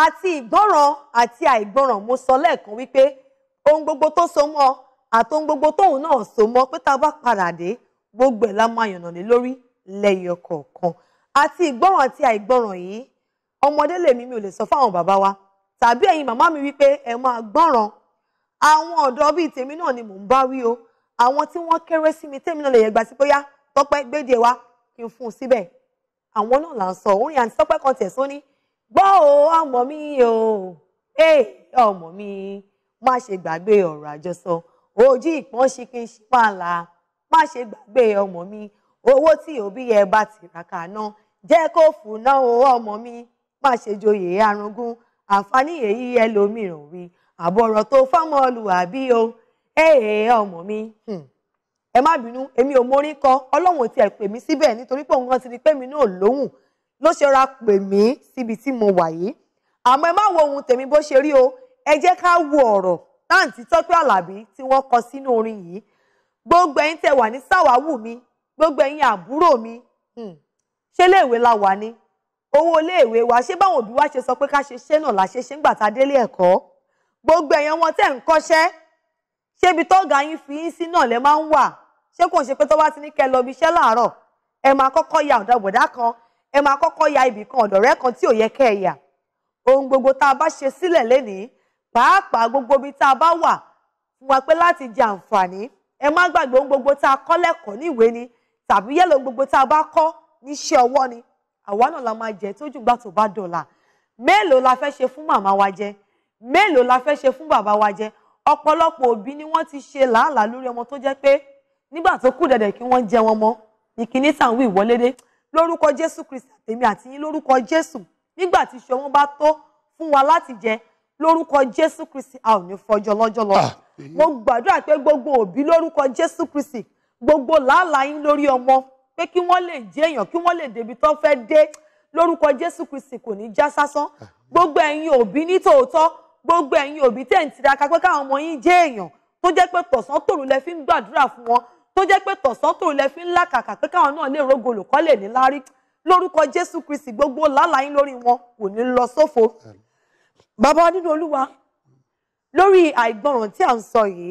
àti ìgbọ́ràn àti àìgbọ́ràn mo sọ lẹ́ẹ̀kan wípé ohun gbogbo tó so mọ́ àti ohun gbogbo tóun náà so mọ́ pé tá a bá padà dé gbogbo ẹ̀ la máa yànnà lé lórí lẹ́yọ kọ̀ọ̀kan àti ìgbọ́ràn àti àìgbọ́ràn yìí ọmọdé lèmi mi ò lè sọ fáwọn bàbá wa tàbí ẹ̀yin màmá mi wípé ẹ máa gbọ́ràn àwọn ọ̀dọ́ bíi tèmi náà ni mò ń bá wí o àwọn tí wọ́n kéré sí mi tèmi náà lè yẹ gbà sí bóyá tọ́pẹ́ gbédè wa kí n fún un síbẹ̀ àwọn náà là ń sọ orin àti tọ́pẹ́ kan tẹ̀sán ní gbọ́ o ọmọ mi o ee ọmọ mi má ṣe gbàgbé ọ̀rọ̀ àjọsọ ojú ìpọ́n ṣìkìn ṣìpàlà má ṣe gbàgbé ọmọ mi owó tí òbí ẹ bá tìràkà ná jẹ́ kó fúnná o ọmọ mi má ṣe joyè arúgún àǹfààní èyí ẹlòmíràn wí àbọ̀rọ̀ tó fọ́mọ olùwàbí o ee ọmọ mi hmm. ẹ má bínú èmi ò mórí kọ ọlọ́run ò tiẹ̀ pè mí síbẹ̀ nítorí pé òun kan ti di pé mi náà lóhùn ló ṣe ra pè mí síbi tí mo wà yìí àmọ́ ẹ má wo ohun tèmi bó ṣe rí o ẹ jẹ́ ká wo ọ̀rọ̀ táǹtí Tọ́pẹ́ Àlàbí tí wọ́n kọ sínú orin yìí gbogbo ẹ̀yin tẹ́ wà ní sàwáwù mi gbogbo ẹ̀yin àbúrò mi hmm, ṣé léèwé la wà ni owó léèwé wa ṣé báwọn òbí wa ṣe sọ pé ká ṣe ṣé náà la ṣe ṣe ń gbà tá délé ẹ̀kọ́ gbogbo ẹ̀yin wọn tẹ́ ń kọ́ṣẹ́ ṣébi tọ́gà yín fi yín sí náà lẹ máa ń wà ṣé kò ń ṣe pé tó ti ní kẹ́ lọ ibi iṣẹ́ láàárọ̀ ẹ máa kọ́kọ́ ya ọ̀dà bọ̀dá kan ẹ máa kọ́kọ́ ya ibì kan ọ̀dọ̀rẹ́ kan tí ò yẹ kẹ́ ẹ yà ohun gbogbo tá a bá ṣe sílẹ̀ lénìí pàápàá gbogbo ibi tá a bá wà fún wa pé láti jẹ àǹfààní ẹ má gbàgbé ohun gbogbo tá a kọ́ lẹ́kọ̀ọ́ ní ìwé ni tàbí yẹ́lò gbogbo tá a bá kọ́ níṣẹ́ ọwọ́ ni àwa náà la máa jẹ tójú gbà tó bá dọ̀la mélòó la fẹ́ ṣe fún màmá wa jẹ mélòó la fẹ́ ṣe fún bàbá wa jẹ ọ̀pọ̀lọpọ̀ òbí ni wọ́n ti ṣe làálàá lórí ọmọ tó jẹ́ pé nígbà tó kù dẹ̀dẹ̀ kí wọ́n jẹ wọn mọ́ ìkíní tàn ìwọlédé lórúkọ jésù kristi àtèmi àti yín lórúkọ jésù nígbà tí iṣu wọn bá tó fún wa láti jẹ lórúkọ jésù kristi a ò ní fọjọ́ lọ́jọ́ lọ ah, mo gbàdúrà pé gbogbo òbí lórúkọ jésù kristi gbogbo làálàá yín lórí ọmọ pé kí wọ́n lè jẹ́ èèyàn kí wọ́n lè débi tó fẹ́ dé lórúkọ jésù kristi kò ní já sásán ah. gbogbo ẹ̀yin òbí ní tòótọ́ gbogbo ẹ̀yin òbí tẹ̀ ń tiraka pé káwọn ọmọ yín jẹ́ èèyàn tó jẹ́ pé tọ̀sán tòru fi ń gbàdúrà fún wọn tó jẹ́ pé tọ̀sán tòun lẹ fi ń làkàkà pé káwọn náà lè rógo olùkọ́ lè ní lárí lórúkọ Jésù Kristi gbogbo làálàyín lórí wọn kò ní lọ sófo bàbá nínú Olúwa lórí àìgbọràn tí à ń sọ yìí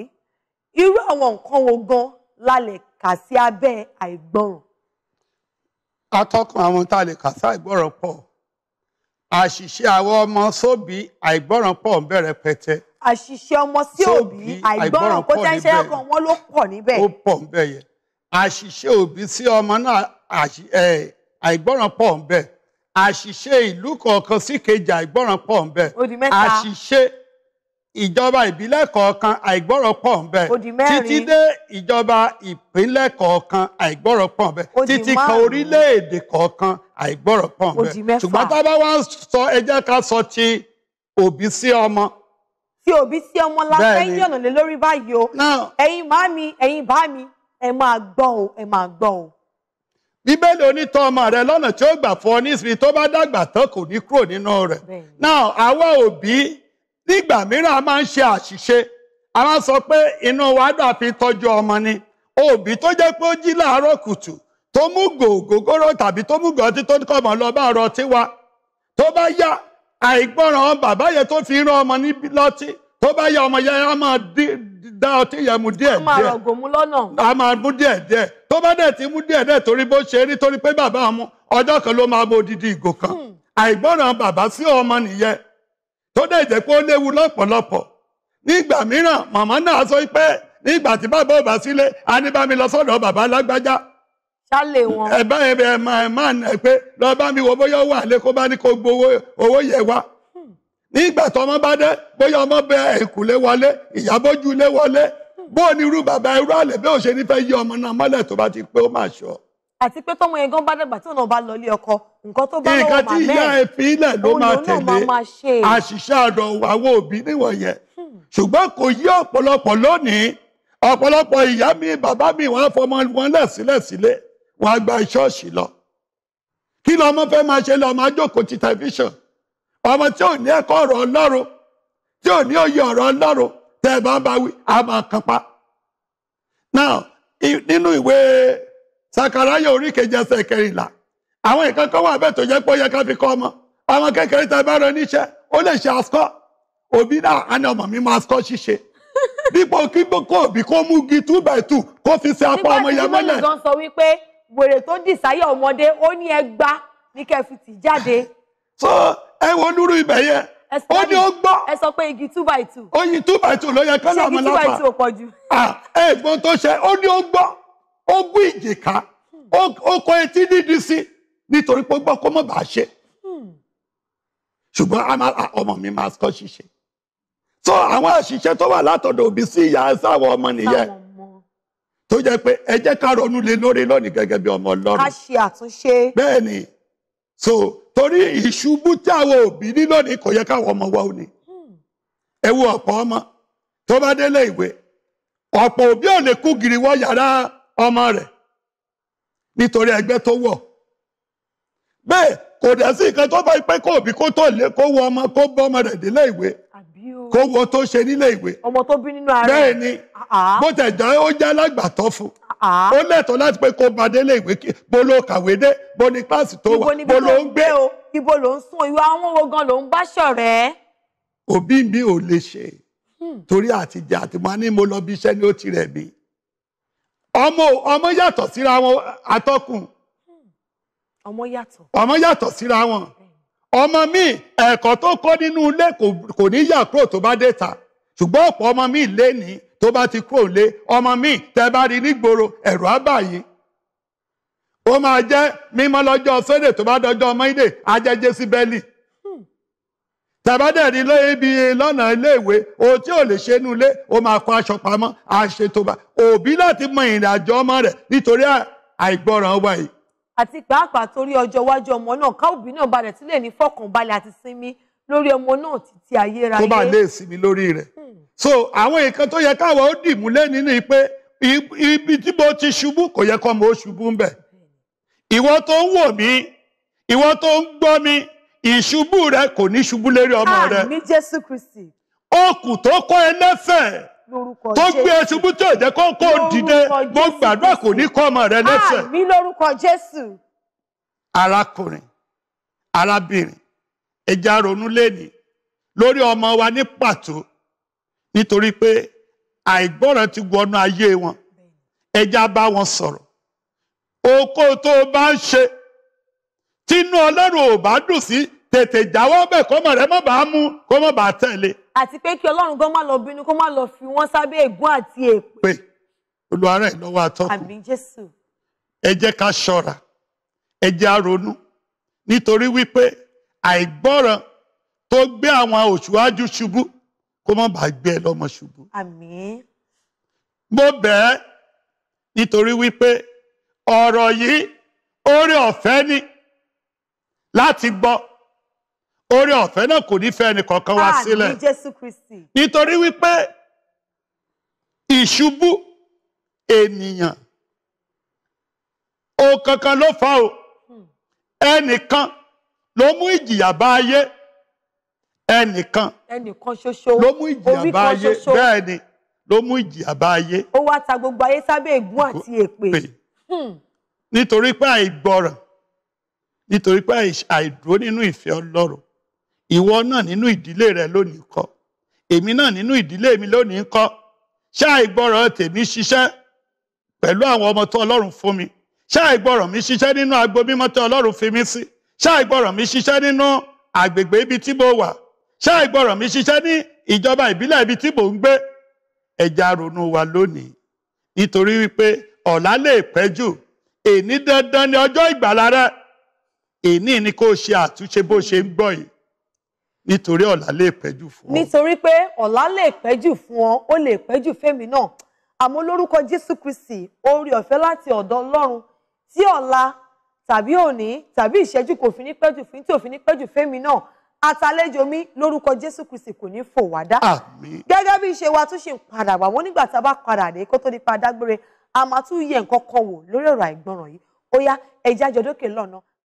irú àwọn nǹkan wo gan la lè kà sí abẹ́ àìgbọràn. atọ́kùn àwọn tá a lè kà sí àìgbọràn pọ̀ àṣìṣe àwọn ọmọ sóbì àìgbọràn pọ̀ ń bẹ̀rẹ̀ àṣìṣe ọmọ sí òbí àìgbọràn kó tẹ́ ń ṣe ọkàn wọn ló pọ̀ níbẹ̀. ó pọ̀ níbẹ̀ yẹn àṣìṣe òbí sí ọmọ náà àìgbọràn pọ̀ níbẹ̀ àṣìṣe ìlú kọ̀ọ̀kan sí kejì àìgbọràn pọ̀ níbẹ̀ àṣìṣe ìjọba ìbílẹ̀ kọ̀ọ̀kan àìgbọràn pọ̀ níbẹ̀ títí dé ìjọba ìpínlẹ̀ kọ̀ọ̀kan àìgbọràn pọ̀ níbẹ̀ títí kan orílẹ̀-èdè kọ̀ọ̀kan àìgbọràn pọ̀ níbẹ̀ ṣùgbọ́n tá a bá wá sọ ẹ jẹ́ ká sọ ti òbí sí ọmọ tí òbí tí ọmọ lásán ń yànnà lé lórí báyìí o ẹ̀yin màá mi ẹ̀yin bá mi ẹ máa gbọ́ o ẹ máa gbọ́ o. bíbélì onítọ́ ọmọ rẹ lọ́nà tí ó gbà fún ọ nísìnyí tó bá dàgbà tán kò ní kúrò nínú rẹ̀ náà àwa òbí nígbà mìíràn a máa ń ṣe àṣìṣe a máa sọ pé inú wa dà fi tọ́jú ọmọ ni òbí tó jẹ́ pé ó jí láàárọ̀ kùtù tó mú gògógóró tàbí tó mú gọtí tó kọmọ lọ bá rọtí wa tó bá yá àìgbọràn bàbá yẹn tó fi rán ọmọ ní lọ́tí tó bá yẹ ọmọ yẹn á máa dá ọtí yẹn mu díẹ̀ díẹ̀ á máa rọ̀gùn mu lọ́nà á máa mu díẹ̀ díẹ̀ tó bá dẹ̀ ti mu díẹ̀ díẹ̀ torí bó ṣe rí torí pé bàbá àwọn ọjọ́ kan ló máa bo odidi ìgò kan hmm. àìgbọràn bàbá sí ọmọ nìyẹn tó dẹ̀ jẹ́ pé ó léwu lọ́pọ̀lọpọ̀ nígbà mìíràn màmá náà sọ pé nígbà tí bàbá ò bá sílé á ní bá mi lọ sọ́dọ̀ bàbá lágbájá jálè wọn. ẹ bá ẹ bẹ máa máa nà pé lọ bá mi wo bóyá ó wà lé kó bá ní kó gbowó owó yẹ wá nígbà tọmọ bá dé bóyá ọmọ bẹ ìkùlé wọlé ìyàbójú lé wọlé bó ní irú bàbá irú àlè bí òṣè ní fẹ́ yí ọmọ náà mọ́lẹ̀ tó bá ti pé ó máa ṣọ. àti pé tọmọ yẹn gan bá dàgbà tí òun bá lọ ilé ọkọ nǹkan tó bá lọ́wọ́ màmá ẹ nǹkan tí ìyá ẹ fi ilẹ̀ ló máa tẹ̀lé àṣìṣe àdọ̀ àwọn òbí níwọ̀nyẹn hmm. ṣùgbọ́n kò yí ọ̀pọ̀lọpọ̀ lónìí ọ̀pọ̀lọpọ̀ ìyá mi bàbá mi wọ́n á fọmọ wọn lẹ̀ wàá gba ìṣọ́ọ̀ṣì lọ kí lọ ọmọ fẹ́ máa ṣe lọ ọmọ ajókòó ti tẹlifíṣàn ọmọ tí ò ní ẹ̀kọ́ ọ̀rọ̀ ọlọ́run tí ò ní òye ọ̀rọ̀ ọlọ́run tẹ́ ẹ bá bá wí a máa kan pa. now nínú ìwé sakaraya orí àwọn nǹkan wà bẹ́ẹ̀ tó yẹ ká fi kọ́ ọmọ ọmọ kékeré tá bá rẹ níṣẹ́ ó lè ṣe òbí náà á ní ọmọ mi máa ṣíṣe kí wèrè tó dì sáyé ọmọdé ó ní ẹgbá ní kẹfì tì jáde. so ẹ wo lúrú ibẹ̀ yẹn ó ní ó gbọ́. ẹ sọ pé igi two by two. oyin two by two ló yẹ kọ́lá ọmọ lápá. ṣé igi two by two ò pọ̀ jù. ẹ gbọ́n tó ṣe ó ní ó gbọ́ ó gún ìjìká ó kọ etí dídí sí nítorí pé ó gbọ́ kó mọ̀ bá ṣe. Hmm. ṣùgbọ́n ọmọ mi máa kọ́ ṣiṣẹ́. so àwọn àṣìṣe tó wà látọ̀dọ̀ òbí sí ìyá sáwọn ọmọ nìyẹn. tó jẹ́ pé ẹ jẹ́ ká ronú lé lórí lónìí gẹ́gẹ́ bí ọmọ Ọlọ́run. a ṣe àtúnṣe. bẹ́ẹ̀ni so torí ìṣubú tí àwọn òbí ní lónìí kò yẹ káwọn ọmọ wa ò ní. ẹ wo ọ̀pọ̀ ọmọ tó bá délé ìwé ọ̀pọ̀ òbí ò lè kú gìrì wọ yàrá ọmọ rẹ̀ nítorí ẹgbẹ́ tó wọ̀. bẹ́ẹ̀ kò dẹ̀ sí nǹkan tó bá pẹ́ kó òbí kó tó lé kó wọ ọmọ kó bọ́ ọmọ rẹ̀ délé ìwé kó wo tó ṣe nílé ìwé. ọmọ tó bí nínú ara rẹ̀. bẹ́ẹ̀ ni ah, ah. bó tẹ̀ jẹ́ ó jẹ́ alágbàtọ́ fún. Ah, ó lẹ́tọ̀ọ́ láti pé kó ba délé ìwé kí bó ló kàwé dé bó ni kíláàsì tó wà bó ló ń gbé. ibo ló ń sùn ìwà àwọn wo gan ló ń bá ṣọ̀rẹ́. òbí mi ò lè ṣe hmm. torí àtijọ́ àti máa ní mo lọ bí iṣẹ́ ni ó ti rẹ̀ mí. ọmọ ọmọ yàtọ̀ síra wọn atọ́kùn. Hmm. ọmọ yàtọ̀ síra wọn ọmọ mi ẹ̀kọ́ tó kọ́ nínú ilé kò ní yà kúrò tó bá dé ta ṣùgbọ́n ọ̀pọ̀ ọmọ mi lé ní tó bá ti kúrò lé ọmọ mi tẹ́ bá rí nígboro ẹ̀rọ àbàyè ó máa jẹ́ mímọ́ lọ́jọ́ sunday tó bá dọjọ́ monday ajẹ́jẹ́ sí bẹ́ẹ̀lì tẹ́ bá dẹ̀ rí lóye ibi lọ́nà iléèwé o tí ò lè ṣe inú ilé ó máa kó aṣọ pamọ́ àṣetò bá òbí láti mọ ìrìn ọmọ rẹ̀ nítorí àìgbọràn wa àti pàápàá torí ọjọ́ iwájú ọmọ náà ká òbí náà balẹ̀ sílẹ̀ ní fọkànbalẹ̀ àti sinmi lórí ọmọ náà títí ayérayé. kó bá lè sinmi lórí rẹ̀ hmm. so àwọn nǹkan tó yẹ káwọn ó dìmú lẹ́ni ni pé ibi tí mo ti ṣubú kò yẹ kọ́ mo ṣubú ń bẹ̀ ìwọ tó ń wò mí ìwọ tó ń gbọ́ mi ìṣubú rẹ kò ní ṣubú lérí ọmọ rẹ. àmì Jésù Kristi. okùn tó kọ́ ẹlẹ́fẹ̀ẹ́ tó gbé ẹ ṣubú tó jẹ́ kó kó dìde mo gbàdúrà kò ní kọ́ ọmọ rẹ lẹ́sẹ̀. àmì lórúkọ jésù. arákùnrin arábìnrin ẹja ronú lẹ́nìí lórí ọmọ wa ní pàtó nítorí pé àìgbọ́ràn ti wọnú ayé wọn ẹja bá wọn sọ̀rọ̀ okó tó bá ń ṣe tínú ọlọ́run ò bá dùn sí tètè jáwọ́ bẹ́ẹ̀ kọ́mọ rẹ mọ̀ bá mú kọ́mọ bá tẹ̀lé àti pé kí ọlọ́run gan má lọ bínú kó má lọ fi wọ́n sábẹ́ ègún àti èpè. olùwárà ẹ̀ lọ́wọ́ atọ́kùn. àmín jésù. ẹ jẹ́ ká ṣọ́ra ẹ jẹ́ á ronú nítorí wípé àìgbọ́ràn tó gbé àwọn òṣùwájú ṣubú kó má bàa gbé ẹ lọ́mọ ṣubú. àmín. mo bẹ̀ ẹ́ nítorí wípé ọ̀rọ̀ yìí oore ọ̀fẹ́ ni láti gbọ́ oore ọ̀fẹ́ náà kò ní fẹ́ ẹnì kankan wá sílẹ̀ nítorí wípé ìṣubú ènìyàn o kankan ló fa o hmm. ẹnìkan ló mú ìjìyà bá ayé ẹnìkan ló mú ìjìyà bá ayé bẹ́ẹ̀ ni ló mú ìjìyà bá ayé. ó wá ta gbogbo ayé sábẹ́ ègún àti èpè. Hmm. nítorí pé àìgbọràn nítorí pé àìdúró nínú ìfẹ́ Ọlọ́run ìwọ náà nínú ìdílé rẹ lónìí kọ́ èmi náà nínú ìdílé mi lónìí kọ́ ṣé àìgbọràn tèmi ṣiṣẹ́ pẹ̀lú àwọn ọmọ tó Ọlọ́run fún mi ṣé àìgbọràn mi ṣiṣẹ́ nínú agbo mímọ́ tó Ọlọ́run fi mí sí ṣé àìgbọràn mi ṣiṣẹ́ nínú àgbègbè ibi tí mo wà ṣé àìgbọràn mi ṣiṣẹ́ ní ìjọba ìbílẹ̀ ibi tí mò ń gbé ẹja ronú wa lónìí nítorí wípé ọ̀la lè pẹ́ jù èní dandan ni ọjọ́ ìgbàlá rẹ èní ni kó ṣe àtúnṣe bó ṣe ń gbọ́ yìí nítorí ọ̀la lè pẹ́jù fún ọ. nítorí pé ọ̀la lè pẹ́jù fún ọ ó lè pẹ́jù fẹ́mi náà àmọ́ lórúkọ Jésù Kristi oore ọ̀fẹ́ láti ọ̀dọ̀ Ọlọ́run tí ọ̀la tàbí òní tàbí ìṣẹ́jú kò fi ní pẹ́jù fún tí ò fi ní pẹ́jù fẹ́mi náà àtàlejò mi lórúkọ Jésù Kristi kò ní fò wá dá. gẹ́gẹ́ bí ìṣe wa tún ṣe ń padà wà wọ́n nígbà tá a bá padà dé kó tó nípa dágbére a máa tún yẹ nǹkan kan wò lórí ọ̀rọ̀ àìgbọràn yìí ó yá ẹja jọdókè lọ́nà